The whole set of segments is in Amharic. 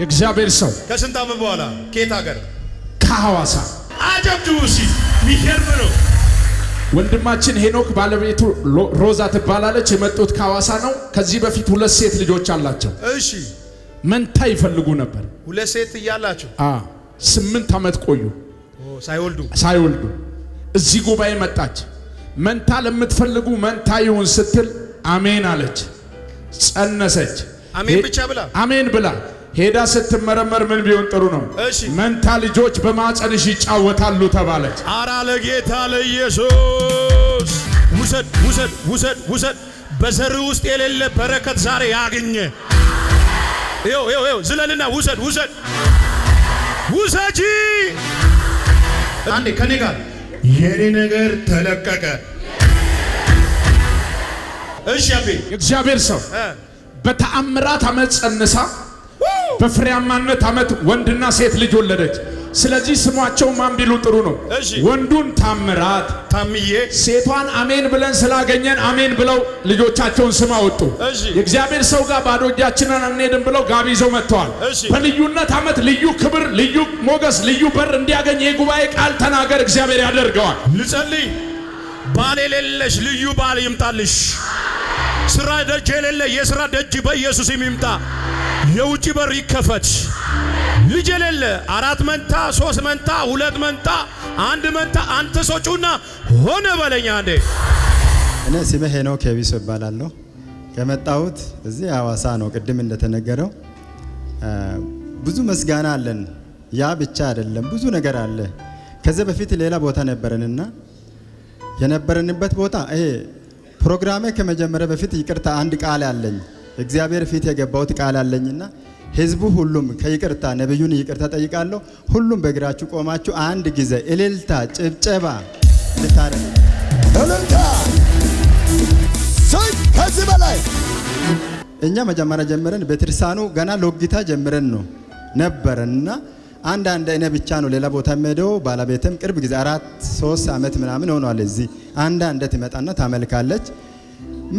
የእግዚአብሔር ሰው ከስንት ዓመት በኋላ ከየት ሀገር? ከሐዋሳ። አጀብዱ ሲ ሚገርም ነው። ወንድማችን ሄኖክ ባለቤቱ ሮዛ ትባላለች። የመጡት ከሐዋሳ ነው። ከዚህ በፊት ሁለት ሴት ልጆች አላቸው። እሺ መንታ ይፈልጉ ነበር። ሁለት ሴት እያላቸው ስምንት ዓመት ቆዩ ሳይወልዱ ሳይወልዱ። እዚህ ጉባኤ መጣች። መንታ ለምትፈልጉ መንታ ይሁን ስትል አሜን አለች። ጸነሰች። አሜን ብቻ ብላ አሜን ብላ ሄዳ ስትመረመር ምን ቢሆን ጥሩ ነው? መንታ ልጆች በማፀንሽ ይጫወታሉ ተባለች። አራ ለጌታ ለኢየሱስ ውሰድ ውሰድ ውሰድ ውሰድ። በዘር ውስጥ የሌለ በረከት ዛሬ ያገኘ ዝለልና ውሰድ ውሰድ ውሰጂ። አንዴ ከኔ ጋር የኔ ነገር ተለቀቀ። እሺ አቤ እግዚአብሔር ሰው በተአምራት አመፀንሳ በፍሬያማነት ዓመት ወንድና ሴት ልጅ ወለደች። ስለዚህ ስሟቸው ማን ቢሉ ጥሩ ነው? ወንዱን ታምራት ታምዬ፣ ሴቷን አሜን ብለን ስላገኘን አሜን ብለው ልጆቻቸውን ስም አወጡ። የእግዚአብሔር ሰው ጋር ባዶ እጃችንን አንሄድም ብለው ጋቢ ይዘው መጥተዋል። በልዩነት ዓመት ልዩ ክብር፣ ልዩ ሞገስ፣ ልዩ በር እንዲያገኝ የጉባኤ ቃል ተናገር፣ እግዚአብሔር ያደርገዋል። ልጸልይ። ባል የሌለሽ ልዩ ባል ይምጣልሽ። ስራ ደጅ የሌለ የስራ ደጅ በኢየሱስ ይምጣ። የውጭ በር ይከፈት። ልጅ የሌለ አራት መንታ፣ ሶስት መንታ፣ ሁለት መንታ፣ አንድ መንታ አንተ ሰጩና ሆነ በለኛ። አንዴ እኔ ስሜ ሄኖክ ቢሶ እባላለሁ። የመጣሁት እዚህ ሀዋሳ ነው። ቅድም እንደተነገረው ብዙ መስጋና አለን። ያ ብቻ አይደለም፣ ብዙ ነገር አለ። ከዚህ በፊት ሌላ ቦታ ነበረንና የነበረንበት ቦታ ይሄ ፕሮግራሜ ከመጀመሪያ በፊት ይቅርታ አንድ ቃል አለኝ። እግዚአብሔር ፊት የገባሁት ቃል አለኝና ህዝቡ ሁሉም ከይቅርታ ነብዩን ይቅርታ ጠይቃለሁ። ሁሉም በእግራችሁ ቆማችሁ አንድ ጊዜ እልልታ፣ ጭብጨባ ልታረግ እልልታ ከዚህ በላይ እኛ መጀመሪያ ጀምረን በትርሳኑ ገና ሎጊታ ጀምረን ነው ነበረና አንዳንድ እኔ ብቻ ነው ሌላ ቦታ የምሄደው። ባለቤትም ቅርብ ጊዜ አራት ሶስት ዓመት ምናምን ሆኗል እዚህ አንዳንድ ትመጣና ታመልካለች።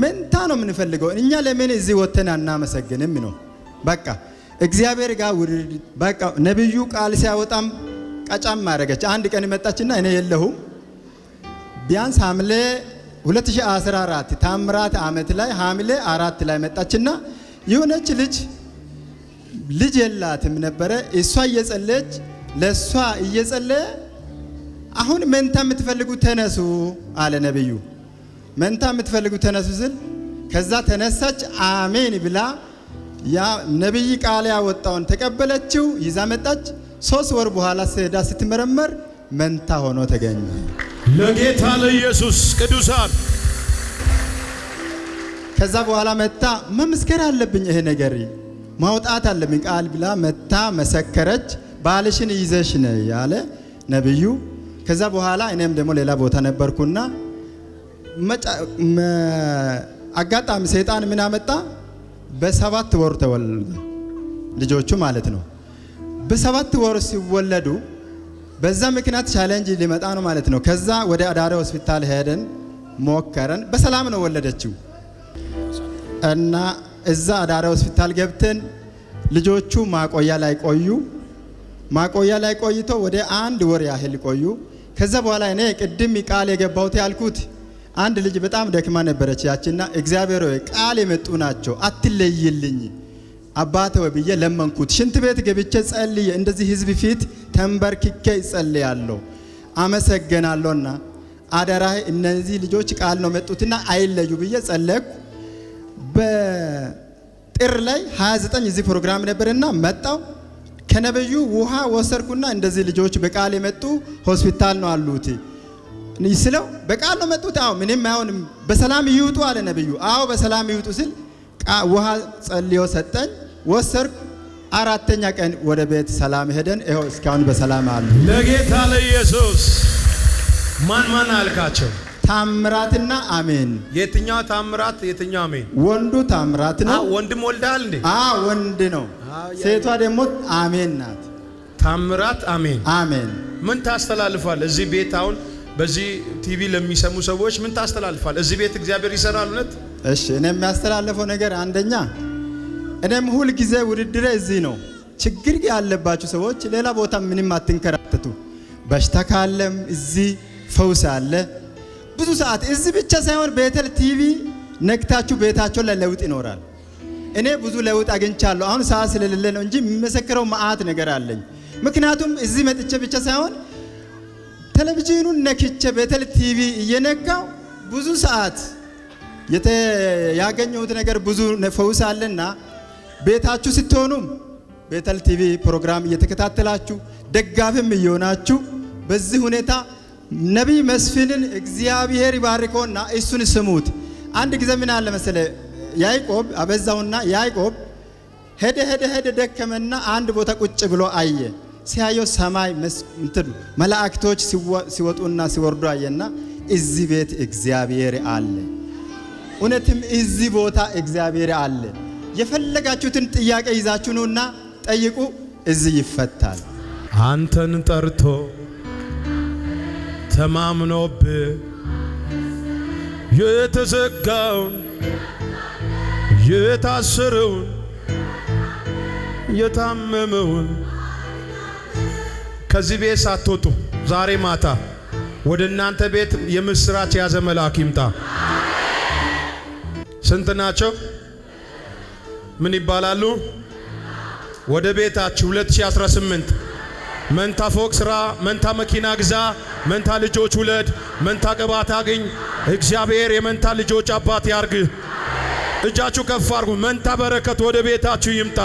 መንታ ነው የምንፈልገው። እኛ ለምን እዚህ ወተን አናመሰግንም ነው? በቃ እግዚአብሔር ጋር ውድድ በቃ ነብዩ ቃል ሲያወጣም ቀጫም ማረገች። አንድ ቀን መጣችና እኔ የለሁም ቢያንስ ሐምሌ 2014 ታምራት ዓመት ላይ ሐምሌ አራት ላይ መጣችና የሆነች ልጅ ልጅ የላትም ነበረ። እሷ እየጸለች ለእሷ እየጸለ አሁን መንታ የምትፈልጉ ተነሱ አለ ነብዩ። መንታ የምትፈልጉ ተነሱ ስል ከዛ ተነሳች። አሜን ብላ ያ ነቢይ ቃል ያወጣውን ተቀበለችው፣ ይዛ መጣች። ሶስት ወር በኋላ ስሄዳ ስትመረመር መንታ ሆኖ ተገኘ። ለጌታ ለኢየሱስ ቅዱሳን ከዛ በኋላ መታ መመስከር አለብኝ፣ ይሄ ነገር ማውጣት አለብኝ ቃል ብላ መታ መሰከረች። ባልሽን ይዘሽ ነ ያለ ነብዩ። ከዛ በኋላ እኔም ደግሞ ሌላ ቦታ ነበርኩና አጋጣሚ ሰይጣን ምን አመጣ? በሰባት ወር ተወለዱ ልጆቹ ማለት ነው። በሰባት ወር ሲወለዱ በዛ ምክንያት ቻሌንጅ ሊመጣ ነው ማለት ነው። ከዛ ወደ አዳሪ ሆስፒታል ሄደን ሞከረን። በሰላም ነው ወለደችው እና እዛ አዳሪ ሆስፒታል ገብተን ልጆቹ ማቆያ ላይ ቆዩ። ማቆያ ላይ ቆይቶ ወደ አንድ ወር ያህል ቆዩ። ከዛ በኋላ እኔ ቅድም ቃል የገባሁት ያልኩት አንድ ልጅ በጣም ደክማ ነበረች። ያችና እግዚአብሔር ሆይ ቃል የመጡ ናቸው አትለይልኝ አባተ ወይ ብዬ ለመንኩት። ሽንት ቤት ገብቼ ጸልዬ እንደዚህ ህዝብ ፊት ተንበርክኬ ይጸልያለሁ አመሰገናለሁና አደራ እነዚህ ልጆች ቃል ነው መጡትና አይለዩ ብዬ ጸለይኩ። በጥር ላይ 29 እዚህ ፕሮግራም ነበርና መጣው ከነበዩ ውሃ ወሰርኩና እንደዚህ ልጆች በቃል የመጡ ሆስፒታል ነው አሉት ስለው በቃል ነው መጡት። አዎ ምንም አይሆንም፣ በሰላም ይውጡ አለ ነብዩ። አዎ በሰላም ይውጡ ስል ውሃ ጸልዮ ሰጠኝ፣ ወሰርኩ። አራተኛ ቀን ወደ ቤት ሰላም ሄደን ይኸው እስካሁን በሰላም አሉ። ለጌታ ለኢየሱስ ማን ማን አልካቸው? ታምራትና አሜን። የትኛው ታምራት የትኛው አሜን? ወንዱ ታምራት ነው። ወንድም ወልዳል እንዴ? አዎ ወንድ ነው። ሴቷ ደግሞ አሜን ናት። ታምራት አሜን አሜን። ምን ታስተላልፋል እዚህ ቤት አሁን በዚህ ቲቪ ለሚሰሙ ሰዎች ምን ታስተላልፋል? እዚህ ቤት እግዚአብሔር ይሰራል እውነት። እሺ እኔ የሚያስተላልፈው ነገር አንደኛ፣ እኔም ሁል ጊዜ ውድድሬ እዚህ ነው። ችግር ያለባችሁ ሰዎች ሌላ ቦታ ምንም አትንከራተቱ። በሽታ ካለም እዚህ ፈውስ አለ። ብዙ ሰዓት እዚህ ብቻ ሳይሆን ቤተል ቲቪ ነግታችሁ ቤታቸው ለለውጥ ይኖራል። እኔ ብዙ ለውጥ አግኝቻለሁ። አሁን ሰዓት ስለሌለ ነው እንጂ የሚመሰክረው መዓት ነገር አለኝ። ምክንያቱም እዚህ መጥቼ ብቻ ሳይሆን ቴሌቪዥኑን ነክቼ በቴል ቲቪ እየነካው ብዙ ሰዓት ያገኘሁት ነገር ብዙ ፈውስ አለና ቤታችሁ ስትሆኑም ቤተል ቲቪ ፕሮግራም እየተከታተላችሁ ደጋፊም እየሆናችሁ በዚህ ሁኔታ ነቢይ መስፍንን እግዚአብሔር ይባርከውና እሱን ስሙት። አንድ ጊዜ ምን አለ መሰለ ያይቆብ አበዛውና ያይቆብ ሄደ ሄደ ሄደ ደከመና አንድ ቦታ ቁጭ ብሎ አየ። ሲያየው ሰማይ እንትን መላእክቶች ሲወጡና ሲወርዱ አየና እዚህ ቤት እግዚአብሔር አለ። እውነትም እዚህ ቦታ እግዚአብሔር አለ። የፈለጋችሁትን ጥያቄ ይዛችሁ ኑና ጠይቁ፣ እዚህ ይፈታል። አንተን ጠርቶ ተማምኖብ የተዘጋውን የታሰረውን የታመመውን ከዚህ ቤት ሳትወጡ ዛሬ ማታ ወደ እናንተ ቤት የምስራች የያዘ መልአክ ይምጣ። ስንት ናቸው? ምን ይባላሉ? ወደ ቤታችሁ 2018 መንታ ፎቅ ስራ፣ መንታ መኪና ግዛ፣ መንታ ልጆች ውለድ፣ መንታ ቅባት አግኝ። እግዚአብሔር የመንታ ልጆች አባት ያርግ። እጃችሁ ከፍ አርጉ። መንታ በረከት ወደ ቤታችሁ ይምጣ።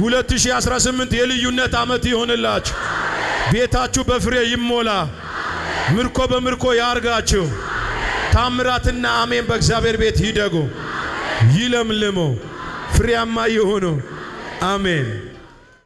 2018 የልዩነት ዓመት ይሆንላችሁ። ቤታችሁ በፍሬ ይሞላ። ምርኮ በምርኮ ያርጋችሁ። ታምራትና አሜን በእግዚአብሔር ቤት ይደጉ፣ ይለምልሙ፣ ፍሬያማ ይሆኑ። አሜን።